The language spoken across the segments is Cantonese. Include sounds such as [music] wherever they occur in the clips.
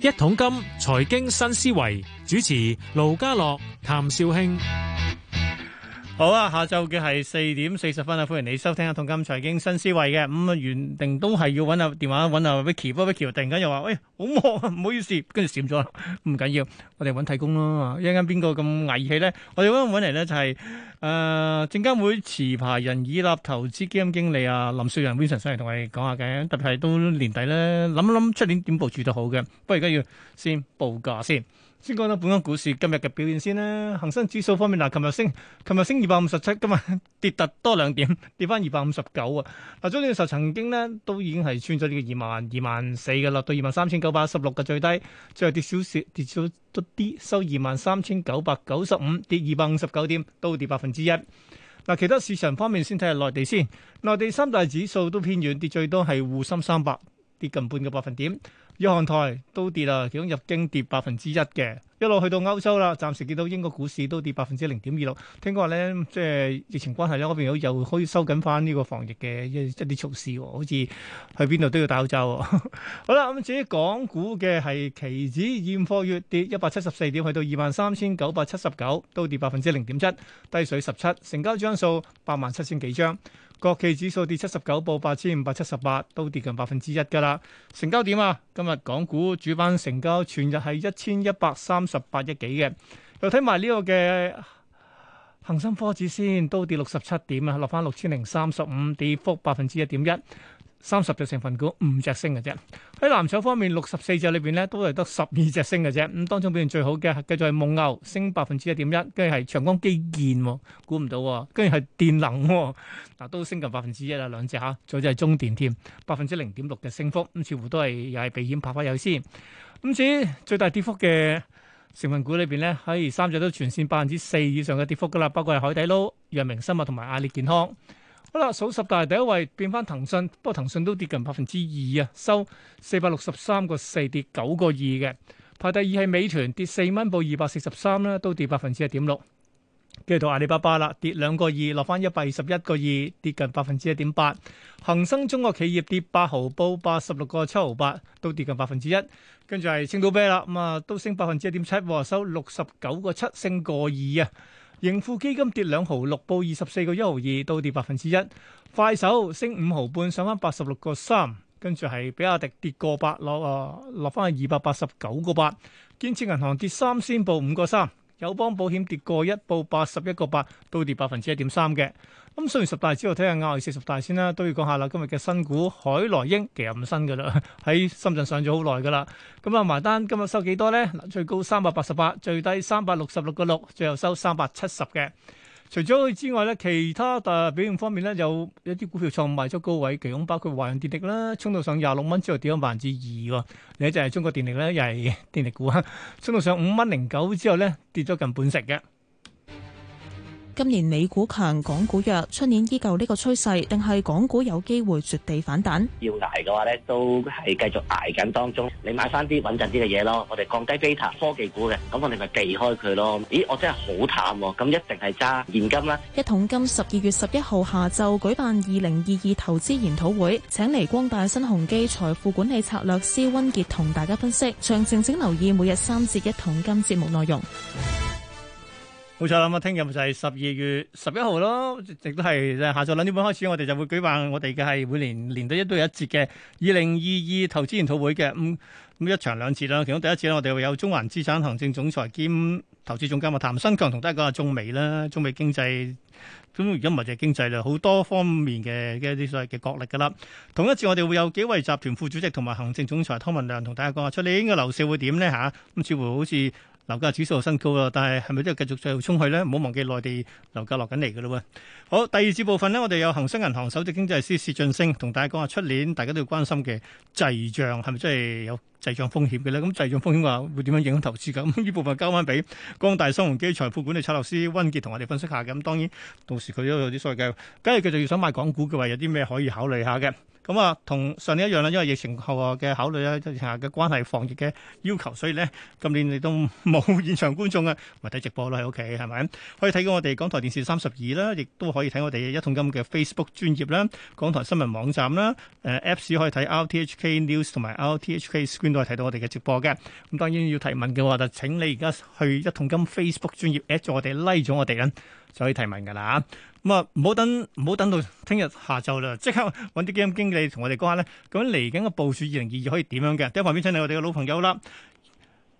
一桶金財經新思維主持：盧家樂、譚少卿。好啊，下晝嘅係四點四十分啊，歡迎你收聽《阿通金財經新思維》嘅，咁啊，原定都係要揾下電話揾啊 Vicky，不 Vicky 突然間又話，喂、哎、好忙啊，唔好意思，跟住閃咗。唔緊要，我哋揾替工咯，一陣間邊個咁危氣咧？我哋搵搵嚟咧就係誒證監會持牌人，以立投資基金經理啊林少陽 Vincent 上嚟同我哋講下嘅，特別係都年底咧，諗一諗出年點部署得好嘅。不過而家要先報價先。先講到本港股市今日嘅表現先啦。恒生指數方面，嗱，琴日升，琴日升二百五十七，今日跌得多兩點，跌翻二百五十九啊。嗱，中間嘅時候曾經咧，都已經係穿咗呢個二萬二萬四嘅啦，到二萬三千九百一十六嘅最低，最後跌少少，跌少多啲，收二萬三千九百九十五，跌二百五十九點，都跌百分之一。嗱、啊，其他市場方面先睇下內地先，內地三大指數都偏軟，跌最多係滬深三百跌近半個百分點。日韓台都跌啦，其中日經跌百分之一嘅，一路去到歐洲啦。暫時見到英國股市都跌百分之零點二六。聽講話咧，即係疫情關係咧，嗰邊又可以收緊翻呢個防疫嘅一一啲措施喎，好似去邊度都要戴口罩。 [laughs] 好啦，咁至於港股嘅係期指現貨月跌一百七十四點，去到二萬三千九百七十九，都跌百分之零點七，低水十七，成交張數八萬七千幾張。國企指數跌七十九，報八千五百七十八，都跌近百分之一噶啦。成交點啊，今日港股主板成交全日係一千一百三十八億幾嘅。又睇埋呢個嘅恒生科指先，都跌六十七點啊，落返六千零三十五，跌幅百分之一點一。三十隻成分股，五隻升嘅啫。喺藍籌方面，六十四隻裏邊咧，都係得十二隻升嘅啫。咁當中表現最好嘅，繼續係蒙牛，升百分之一點一。跟住係長江基建，估唔到。跟住係電能，嗱都升近百分之一啦，兩隻嚇。再就係中電添，百分之零點六嘅升幅。咁似乎都係又係避險拍翻有先。咁至於最大跌幅嘅成分股裏邊咧，喺三隻都全線百分之四以上嘅跌幅噶啦。包括係海底撈、藥明生物同埋阿里健康。好啦，數十大第一位變翻騰訊，不過騰訊都跌近百分之二啊，收四百六十三個四，跌九個二嘅。排第二係美團，跌四蚊，報二百四十三啦，都跌百分之一點六。跟住到阿里巴巴啦，跌兩個二，落翻一百二十一個二，跌近百分之一點八。恒生中國企業跌八毫，報八十六個七毫八，都跌近百分之一。跟住係青島啤啦，咁啊都升百分之一點七，收六十九個七，升過二啊。盈富基金跌兩毫六，報二十四個一毫二，倒跌百分之一。快手升五毫半，上返八十六個三，跟住係比亞迪跌個八落啊，落返二百八十九個八。建設銀行跌三仙報五個三，友邦保險跌個一報八十一個八，倒跌百分之一點三嘅。咁上完十大之後睇下亞視十大先啦，都要講下啦。今日嘅新股海來英其實唔新噶啦，喺深圳上咗好耐噶啦。咁啊埋單，今日收幾多咧？最高三百八十八，最低三百六十六個六，最後收三百七十嘅。除咗佢之外咧，其他嘅表現方面咧，有一啲股票創賣出高位，其中包括華潤電力啦，衝到上廿六蚊之後跌咗百分之二喎。另一隻係中國電力咧，又係電力股啊，衝到上五蚊零九之後咧，跌咗近半成嘅。今年美股強，港股弱，出年依舊呢個趨勢，定係港股有機會絕地反彈？要挨嘅話呢都係繼續挨緊當中。你買翻啲穩陣啲嘅嘢咯。我哋降低 beta 科技股嘅，咁我哋咪避開佢咯。咦，我真係好淡，咁一定係揸現金啦。一桶金十二月十一號下晝舉辦二零二二投資研討會，請嚟光大新鴻基財富管理策略師溫傑同大家分析。詳情請留意每日三節一桶金節目內容。冇錯啦，咁啊，聽日就係十二月十一號咯，亦都係下晝兩點半開始，我哋就會舉辦我哋嘅係每年年底一都有一節嘅二零二二投資研討會嘅，咁、嗯、咁、嗯、一場兩節啦。其中第一次呢，我哋會有中環資產行政總裁兼投資總監啊，譚新強同大家講下中美啦，中美經濟，咁而家唔係就係經濟啦，好多方面嘅一啲所謂嘅角力噶啦。同一次我哋會有幾位集團副主席同埋行政總裁湯文亮同大家講下出年，應該樓市會點呢？吓，咁似乎好似。樓價指數又新高啦，但係係咪都繼續再衝去咧？唔好忘記內地樓價落緊嚟噶啦。喎，好第二節部分咧，我哋有恆生銀行首席經濟師薛俊升同大家講下出年，大家都要關心嘅滯脹係咪真係有滯脹風險嘅咧？咁滯脹風險嘅話會點樣影響投資噶？咁 [laughs] 呢部分交翻俾光大新鴻基財富管理策略師溫傑同我哋分析下嘅。咁當然到時佢都有啲所謂嘅，假如佢仲要想買港股嘅話，有啲咩可以考慮下嘅。咁啊，同上年一樣啦，因為疫情後嘅考慮咧，之下嘅關係、防疫嘅要求，所以咧今年你都冇現場觀眾啊，咪睇直播咯喺屋企，係咪？可以睇到我哋港台電視三十二啦，亦都可以睇我哋一桶金嘅 Facebook 專頁啦、港台新聞網站啦、誒 Apps 可以睇 RTHK News 同埋 RTHK Screen 都可以睇到我哋嘅直播嘅。咁當然要提問嘅話，就請你而家去一桶金 Facebook 專頁 at 咗我哋、like 咗我哋咁，就可以提問噶啦。咁啊，唔好、嗯、等，唔好等到聽日下晝啦，即刻揾啲基金經理同我哋講下咧，咁嚟緊個部署二零二二可以點樣嘅？喺旁邊請你我哋嘅老朋友啦，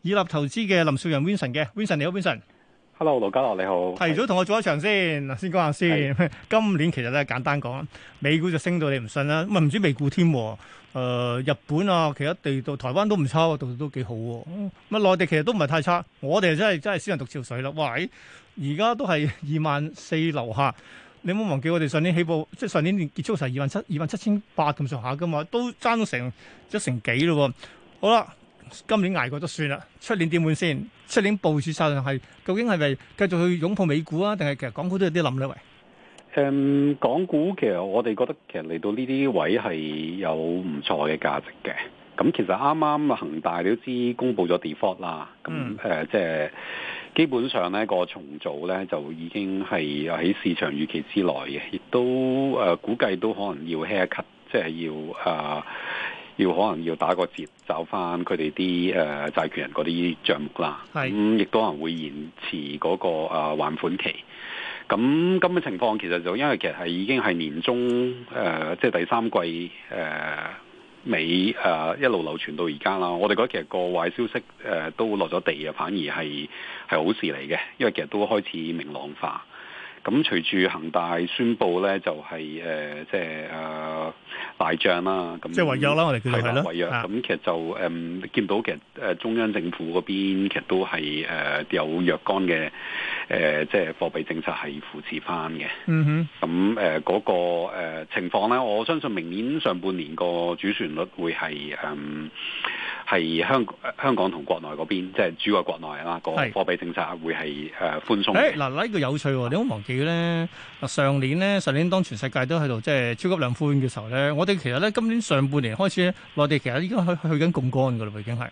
以立投資嘅林少陽 Vincent 嘅，Vincent 你好，Vincent，Hello，羅家樂你好，Vincent、hello, hello, hello, 提早同我做一場先，嗱是先講下先，是今年其實咧簡單講，美股就升到你唔信啦，唔係唔知，不知美股添，誒、呃，日本啊，其他地道台灣都唔差，到都幾好，啊，咁啊內地其實都唔係太差，我哋真係真係少人讀潮水啦，喂！而家都係二萬四樓下，你冇忘記我哋上年起步，即係上年結束成二萬七、二萬七千八咁上下噶嘛，都爭到成一成幾咯。好啦，今年捱過都算啦。出年點會先？出年部署策略係究竟係咪繼續去擁抱美股啊？定係其實港股都有啲諗咧？喂，誒，港股其實我哋覺得其實嚟到呢啲位係有唔錯嘅價值嘅。咁其實啱啱恒大你都知公佈咗 default 啦，咁誒即係。基本上呢、個重組呢，就已經係喺市場預期之內嘅，亦都誒、呃、估計都可能要 haircut，即係要誒要可能要打個折，找翻佢哋啲誒債權人嗰啲帳目啦。咁是，亦、嗯、都可能會延遲嗰、嗰個誒、呃、還款期。咁咁嘅情況其實就因為其實係已經係年中誒、呃，即係第三季誒尾誒一路流傳到而家啦。我哋覺得其實個壞消息誒、呃、都落咗地啊，反而係。係好事嚟嘅，因為其實都開始明朗化。咁隨住恒大宣布咧，就係誒，即係誒大漲啦。咁即係違約啦，我哋叫做係啦。違約咁其實就誒見到，其實誒中央政府嗰邊其實都係誒有若干嘅誒，即係貨幣政策係扶持翻嘅。嗯哼。咁誒嗰個情況咧，我相信明年上半年個主旋律會係誒係香香港同國內嗰邊，即係主要國內啦，個貨幣政策會係誒寬鬆。嗱，呢個有趣喎，你好忘記。咧，上年咧，上年當全世界都喺度即係超級量寬嘅時候咧，我哋其實咧今年上半年開始，內地其實已經去去緊槓桿噶啦，已經係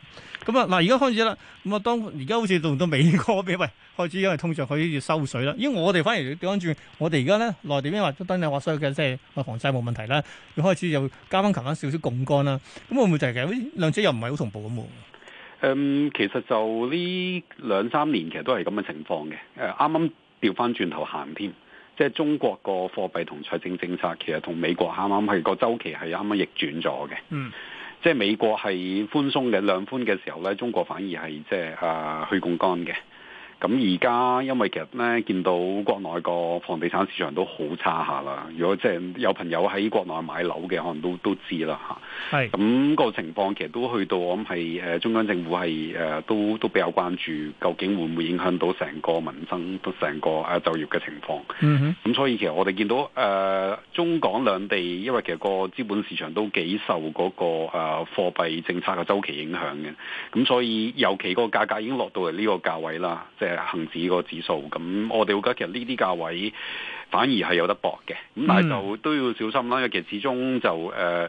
咁啊！嗱，而家開始啦，咁啊，當而家好似用到美國，變喂開始因為通脹佢要收水啦。而我哋反而調翻轉，我哋而家咧內地因為都真係話有嘅，即係房債冇問題啦，佢開始又加翻勤翻少少槓桿啦。咁會唔會就係其實兩者又唔係好同步咁喎？嗯，其實就呢兩三年其實都係咁嘅情況嘅。誒，啱啱。調翻轉頭行添，即係、就是、中國個貨幣同財政政策，其實同美國啱啱係個周期係啱啱逆轉咗嘅。嗯，即係美國係寬鬆嘅量寬嘅時候咧，中國反而係即係啊去槓桿嘅。咁而家因為其實咧見到國內個房地產市場都好差下啦，如果即係有朋友喺國內買樓嘅，可能都都知啦吓，係咁是、嗯那個情況其實都去到，我諗係誒中央政府係誒、呃、都都比較關注，究竟會唔會影響到成個民生、都成個誒就業嘅情況，mm hmm. 嗯哼。咁所以其實我哋見到誒、呃、中港兩地，因為其實個資本市場都幾受嗰、嗰個誒、呃、貨幣政策嘅周期影響嘅。咁、嗯、所以尤其個價格已經落到嚟呢個價位啦。嘅恆指個指數，咁我哋會覺得其實呢啲價位反而係有得搏嘅，咁但係就都要小心啦。因 [noise] 為、嗯、其實始終就誒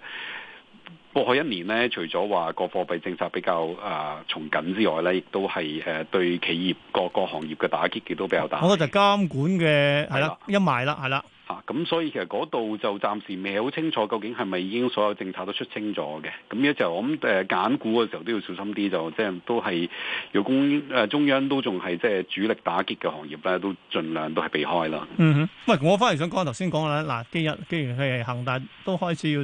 過去一年呢，除咗話個貨幣政策比較啊從緊之外呢，亦都係誒、呃、對企業各個，各行業嘅打擊都比較大。好，就監管嘅係、啊、啦，一埋啦，係啦。啊，咁、嗯、所以其實嗰度就暫時未好清楚，究竟係咪已經所有政策都出清咗嘅？咁呢就我諗誒揀股嘅時候都要小心啲，就即係都係若公誒中央都仲係即係主力打擊嘅行業咧，都儘量都係避開啦。嗯哼，喂，我返嚟想講頭先講啦，嗱，今日既然佢係恒大都開始要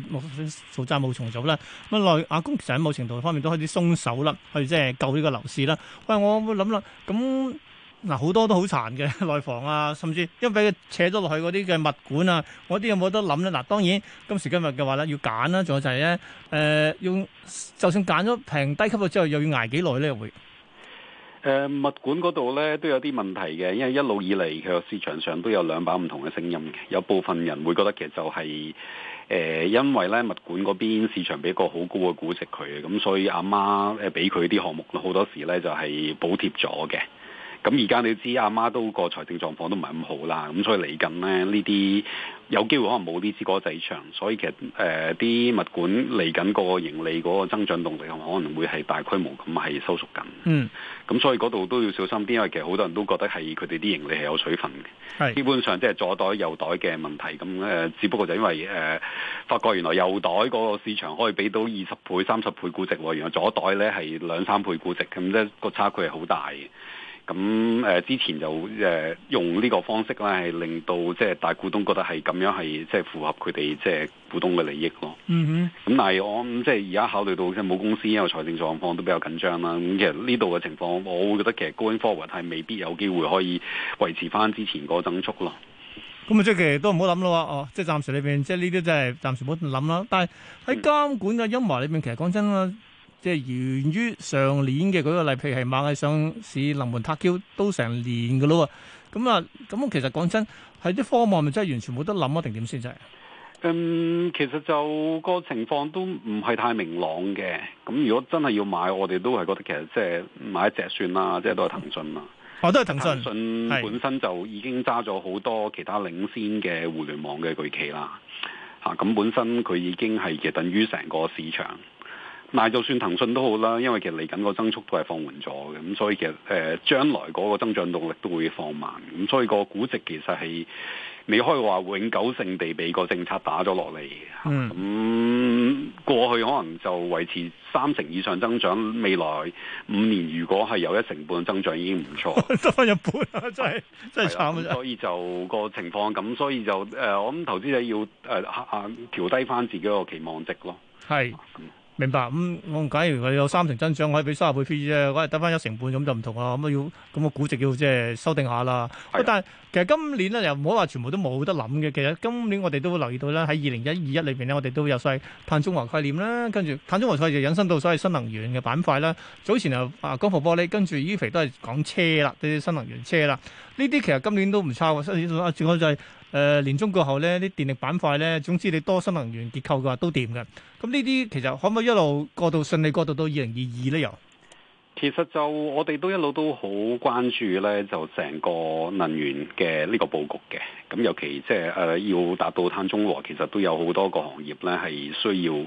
做債務重組啦，咁內阿公其實喺某程度方面都開始鬆手啦，去即係救呢個樓市啦。喂，我諗啦，咁。嗱，好多都好殘嘅內房啊，甚至因為俾佢扯咗落去嗰啲嘅物管啊，嗰啲有冇得諗呢？嗱，當然今時今日嘅話咧，要揀啦，仲有就係、是、咧，誒、呃、用，就算揀咗平低級之後，又要捱幾耐咧，會誒、呃、物管嗰度呢，都有啲問題嘅，因為一路以嚟佢個市場上都有兩把唔同嘅聲音嘅，有部分人會覺得其實就係、是、誒、呃，因為呢物管嗰邊市場俾個好高嘅估值佢，咁所以阿媽誒俾佢啲項目好多時呢，就係補貼咗嘅。咁而家你知阿媽都個財政狀況都唔係咁好啦，咁所以嚟緊咧呢啲有機會可能冇呢支個市場，所以其實誒啲、呃、物管嚟緊個盈利嗰個增長動力，可能會係大規模咁係收縮緊。嗯，咁、嗯、所以嗰度都要小心，啲，因為其實好多人都覺得係佢哋啲盈利係有水分嘅。是基本上即係左袋右袋嘅問題，咁誒、呃，只不過就因為誒、呃、發覺原來右袋嗰個市場可以俾到二十倍、三十倍估值，原來左袋咧係兩三倍估值，咁、那、咧個差距係好大嘅。咁誒、呃、之前就誒、呃、用呢個方式咧，係令到即係大股東覺得係咁樣係即係符合佢哋即係股東嘅利益咯。嗯哼。咁但係我、嗯、即係而家考慮到即係冇公司因為財政狀況都比較緊張啦。咁、嗯、其實呢度嘅情況，我會覺得其實 going forward 係未必有機會可以維持翻之前嗰增速咯。咁啊、嗯，即係其實都唔好諗咯，哦，即係暫時裏邊即係呢啲真係暫時唔好諗啦。但係喺監管嘅陰霾裏邊，其實講真啦。嗯即係源於上年嘅嗰個例，譬如係螞蟻上市臨門撻 Q 都成年嘅咯喎，咁啊，咁啊，其實講真，喺啲科網咪真係完全冇得諗啊，定點先啫？嗯，其實,是是、嗯、其實就個情況都唔係太明朗嘅。咁如果真係要買，我哋都係覺得其實即係買一隻算啦，即係都係騰訊嘛。哦，都係騰訊。騰訊本身就已經揸咗好多其他領先嘅互聯網嘅巨企啦。嚇，咁本身佢已經係其實，等於成個市場。但就算騰訊都好啦，因為其實嚟緊個增速都係放緩咗嘅，咁所以其實誒、呃、將來嗰個增長動力都會放慢，咁所以個估值其實係未可以話永久性地被個政策打咗落嚟。咁過去可能就維持三成以上增長，未來五年如果係有一成半增長已經唔錯。得翻一半啊！真係真係慘。所以就個情況咁，所以就誒、呃，我諗投資者要誒、呃、調低翻自己個期望值咯。係。明白咁，我、嗯、假如佢有三成增長，可以俾三十倍 PE 啫，我係得翻一成半咁就唔同啊！咁啊，要咁個估值要即係修訂下啦。的但係其實今年咧又唔好話全部都冇得諗嘅。其實今年我哋都會留意到咧，喺二零一二一裏邊咧，我哋都有晒碳中和概念啦，跟住碳中和概念就引申到所謂新能源嘅板塊啦。早前又啊，光伏玻璃，跟住 EV 都係講車啦，啲新能源車啦。呢啲其實今年都唔差喎。啊、仲有就係，我再誒、呃、年中過後呢啲電力板塊呢，總之你多新能源結構嘅話都掂嘅。咁呢啲其實可唔可以一路過渡順利過渡到二零二二呢？又其實就我哋都一路都好關注呢，就成個能源嘅呢個佈局嘅。咁尤其即係誒要達到碳中和，其實都有好多個行業呢係需要誒、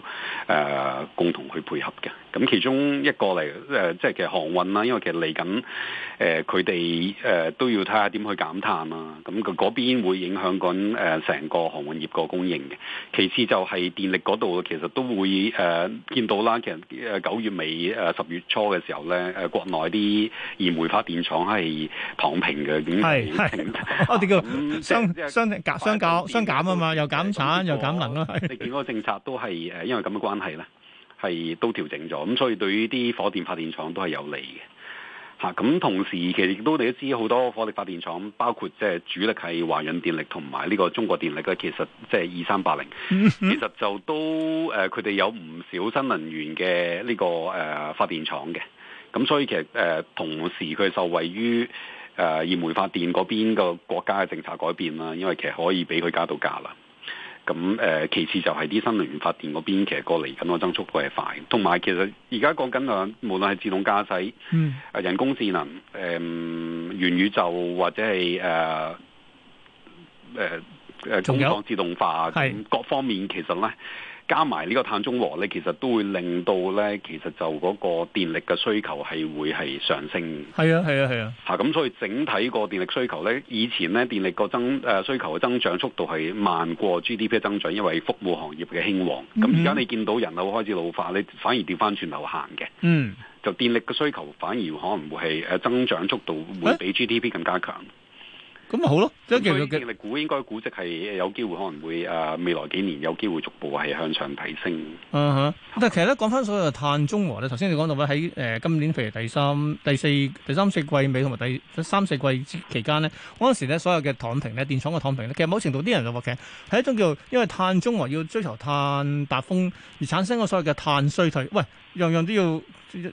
呃、共同去配合嘅。咁其中一個嚟誒，即係其實航運啦，因為其實嚟緊誒，佢哋誒都要睇下點去減碳啊。咁佢嗰邊會影響緊誒成個航運業個供應嘅。其次就係電力嗰度，其實都會誒見到啦。其實誒九月尾誒十月初嘅時候咧，誒國內啲燃煤發電廠係躺平嘅，咁係係我哋叫相相減相減啊嘛，又減產又減能啦。你見嗰個政策都係誒，因為咁嘅關係咧。係都調整咗，咁所以對於啲火電發電廠都係有利嘅，嚇、啊。咁同時其實亦都你都知，好多火力發電廠包括即係主力係華潤電力同埋呢個中國電力嘅，其實即係二三八零，其實就, 80, [laughs] 其實就都誒，佢、呃、哋有唔少新能源嘅呢、這個誒、呃、發電廠嘅。咁所以其實誒、呃、同時佢受惠於誒燃煤發電嗰邊個國家嘅政策改變啦，因為其實可以俾佢加到價啦。咁誒，其次就係啲新能源發電嗰邊，其實過嚟緊個增速會係快。同埋其實而家講緊啊，無論係自動駕駛、嗯，啊人工智能、誒、呃、元宇宙或者係誒誒誒工廠自動化，有各方面其實咧。加埋呢個碳中和呢，其實都會令到呢，其實就嗰個電力嘅需求係會係上升。係啊，係啊，係啊。嚇咁、啊啊，所以整體個電力需求呢，以前呢電力個增誒、呃、需求嘅增長速度係慢過 GDP 增長，因為服務行業嘅興旺。咁而家你見到人口開始老化，你反而掉返轉頭行嘅。嗯，就電力嘅需求反而可能會係誒增長速度會比 GDP 更加強。欸咁咪好咯，即係其實嘅嚟估，應該估值係有機會，可能會誒未來幾年有機會逐步係向上提升。嗯哼，但係其實咧講翻所謂碳中和咧，頭先你講到喺誒今年譬如第三、第四、第三四季尾，同埋第三四季期間呢，嗰陣時咧所有嘅躺平咧，電廠嘅躺平咧，其實某程度啲人就話其實係一種叫因為碳中和要追求碳達峰而產生個所謂嘅碳衰退。喂！樣樣都要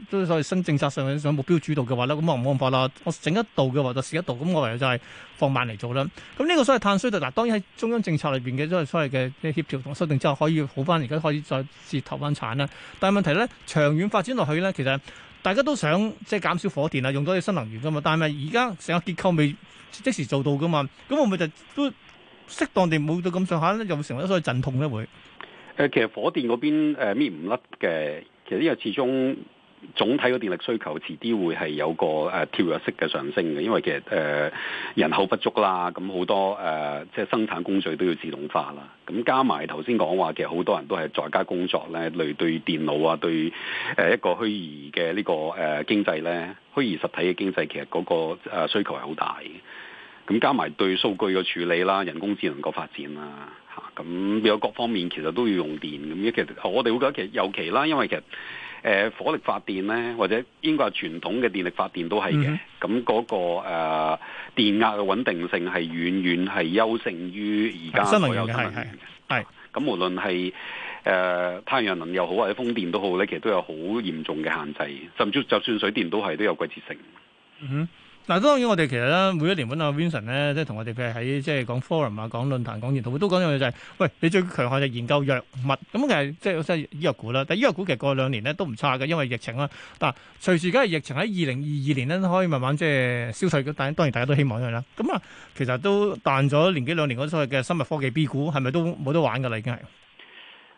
都所謂新政策上上目標主導嘅話咧，咁我冇辦法啦，我整一度嘅話就試一度。咁我唯有就係放慢嚟做啦。咁呢個所謂碳衰度，嗱當然喺中央政策裏邊嘅都係所謂嘅協調同修訂之後，可以好翻，而家可以再接頭翻產啦。但係問題咧，長遠發展落去咧，其實大家都想即係減少火電啊，用多啲新能源噶嘛。但係咪而家成個結構未即時做到噶嘛，咁會唔會就都適當地冇到咁上下咧，又會成為所謂陣痛咧會。誒，其實火電嗰邊誒搣唔甩嘅。其實呢個始終總體嘅電力需求遲啲會係有個誒、呃、跳躍式嘅上升嘅，因為其實誒、呃、人口不足啦，咁好多誒、呃、即係生產工序都要自動化啦，咁加埋頭先講話，其實好多人都係在家工作咧，累對電腦啊，對誒一個虛擬嘅呢個誒經濟咧，虛擬實體嘅經濟其實嗰個需求係好大嘅，咁加埋對數據嘅處理啦，人工智能嘅發展啦。咁有各方面其實都要用電，咁，其實我哋會覺得其實尤其啦，因為其實誒、呃、火力發電咧，或者應該話傳統嘅電力發電都係嘅。咁嗰、嗯那個誒、呃、電壓嘅穩定性係遠遠係優勝於而家所有新能源嘅。咁，無論係誒太陽能又好或者風電都好咧，其實都有好嚴重嘅限制。甚至就算水電都係都有季節性。哼、嗯。嗱，當然我哋其實咧，每一年揾阿 Vincent 咧，即係同我哋譬如喺即係講 forum 啊、講論壇、講研討會，都講一樣嘢，就係、是，喂，你最強項就研究藥物，咁、嗯、其實即係即係醫藥股啦。但係醫藥股其實過兩年咧都唔差嘅，因為疫情啦。但隨住而家嘅疫情喺二零二二年咧，可以慢慢即係消逝咗。但係當然大家都希望咁樣啦。咁、嗯、啊、嗯，其實都彈咗年幾兩年嗰所謂嘅生物科技 B 股，係咪都冇得玩噶啦？已經係。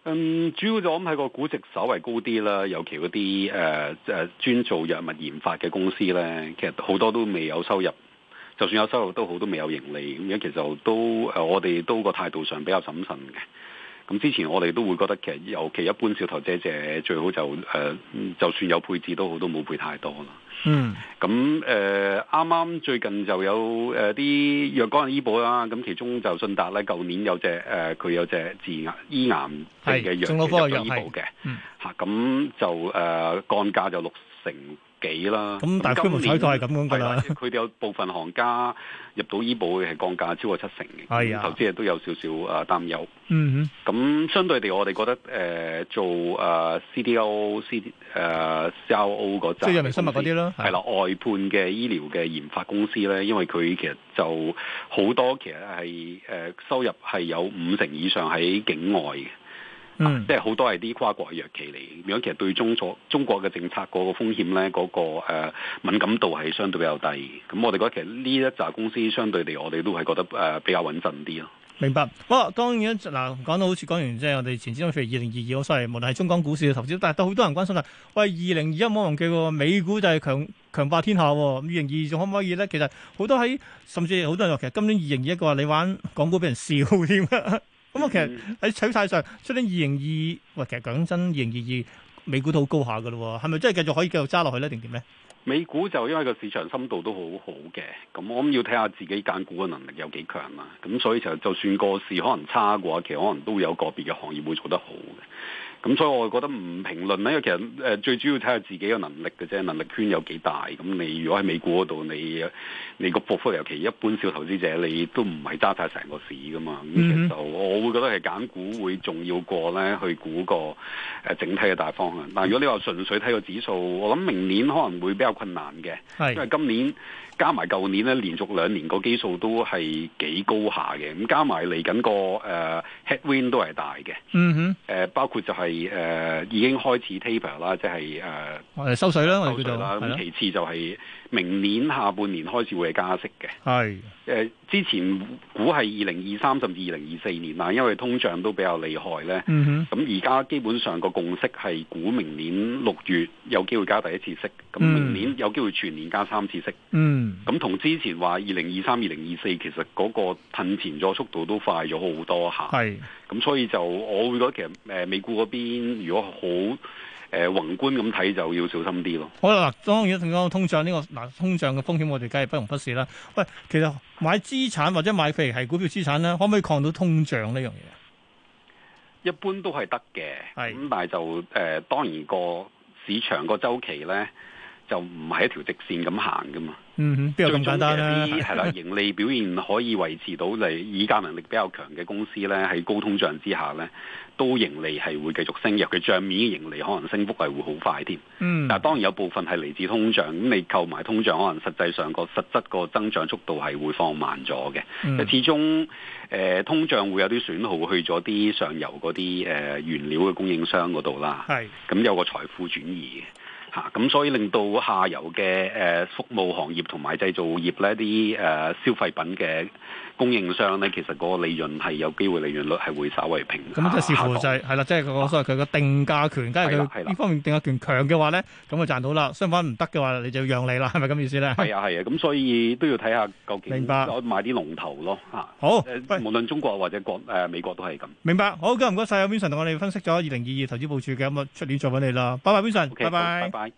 嗯，主要就我諗係個估值稍為高啲啦，尤其嗰啲誒即係專做藥物研發嘅公司咧，其實好多都未有收入，就算有收入都好都未有盈利，咁樣其實都誒、呃，我哋都個態度上比較審慎嘅。咁之前我哋都會覺得其實尤其一般小投資者最好就誒、呃，就算有配置都好，都冇配太多啦。嗯。咁誒啱啱最近就有誒啲藥入醫保啦，咁其中就信達咧，舊年有隻誒佢有隻治癌，治癌醫癌係嘅藥嘅醫保嘅，嚇咁、嗯、就誒降價就六成。幾啦？咁但係今年都係咁樣，佢哋有部分行家入到醫保係降價超過七成嘅，投資嘢都有少少誒擔憂。嗯咁哼相對地，我哋覺得誒、呃、做誒 CDO、呃、CD CRO、呃、嗰即係生物嗰啲啦。係啦的，的外判嘅醫療嘅研發公司咧，因為佢其實就好多其實係誒、呃、收入係有五成以上喺境外嘅。嗯啊、即係好多係啲跨國藥企嚟，咁樣其實對中左中國嘅政策個風險咧，嗰、那個誒、呃、敏感度係相對比較低。咁我哋覺得其實呢一紮公司相對嚟，我哋都係覺得誒、呃、比較穩陣啲咯。明白，好，當然嗱，講到好似講完即係我哋前幾日二零二二，我雖然無論係中港股市嘅投資，但係都好多人關心啦。喂，二零二一冇忘記喎，美股就係強強霸天下，二零二二仲可唔可以咧？其實好多喺甚至好多人其實今年二零二一個話，你玩港股俾人笑添。 [laughs] 咁啊，嗯嗯、其實喺趨勢上出啲二零二二。喂，其實講真，二零二二美股都好高下噶咯，係咪真係繼續可以繼續揸落去咧？定點咧？美股就因為個市場深度都好好嘅，咁我諗要睇下自己揀股嘅能力有幾強啊。咁所以其實就算個市可能差嘅話，其實可能都有個別嘅行業會做得好嘅。咁、嗯、所以我就覺得唔評論啦，因為其實誒、呃、最主要睇下自己嘅能力嘅啫，能力圈有幾大。咁你如果喺美股嗰度，你你個波幅尤其一般，小投資者你都唔係揸晒成個市㗎嘛。咁其實我會覺得係揀股會重要過咧去估個誒整體嘅大方向。但係如果你話純粹睇個指數，我諗明年可能會比較困難嘅，是因為今年。加埋舊年咧，連續兩年個基數都係幾高下嘅，咁加埋嚟緊個誒、呃、headwind 都係大嘅。嗯哼，誒、呃、包括就係、是、誒、呃、已經開始 taper 啦，即係誒。呃、我哋收水啦，收水啦。咁其次就係、是。明年下半年開始會加息嘅，係誒是、呃、之前估係二零二三甚至二零二四年啦，因為通脹都比較厲害咧。咁而家基本上個共識係估明年六月有機會加第一次息，咁、嗯、明年有機會全年加三次息。咁、嗯、同之前話二零二三、二零二四其實嗰個褪前咗速度都快咗好多下。係咁是，所以就我會覺得其實誒美股嗰邊如果好。誒，宏觀咁睇就要小心啲咯。好啦，當然一陣講通脹呢、呢個，嗱通脹嘅風險我哋梗係不容忽視啦。喂，其實買資產或者買譬如係股票資產啦，可唔可以抗到通脹呢樣嘢？一般都係得嘅，咁是但係就誒、呃，當然個市場個周期咧，就唔係一條直線咁行噶嘛。嗯，邊有咁簡單啦，係啦，盈利表現可以維持到，你議價能力比較強嘅公司咧，喺高通脹之下咧，都盈利係會繼續升，入嘅。賬面盈利可能升幅係會好快添。嗯，但係當然有部分係嚟自通脹，咁你購買通脹，可能實際上個實質個增長速度係會放慢咗嘅。嗯、始終誒、呃，通脹會有啲損耗去咗啲上游嗰啲誒原料嘅供應商嗰度啦。係是，咁有個財富轉移嘅。吓，咁、啊、所以令到下游嘅誒、呃、服務行業同埋製造業咧啲誒消費品嘅。供應商咧，其實嗰個利潤係有機會，利潤率係會稍微平咁，即係視乎就係係啦，即係降、就是、我所謂佢個定價權，梗係佢呢方面定價權強嘅話咧，咁就賺到啦。相反唔得嘅話，你就讓你啦，係咪咁意思咧？係啊，係啊，咁所以都要睇下究竟，明白，買啲龍頭咯吓。好，呃、無論中國或者國誒、呃、美國都係咁。明白，好，咁唔該晒阿 Vincent 同我哋分析咗二零二二投資部署嘅咁啊，出、嗯、年再揾你啦，拜拜，Vincent，拜拜，拜拜。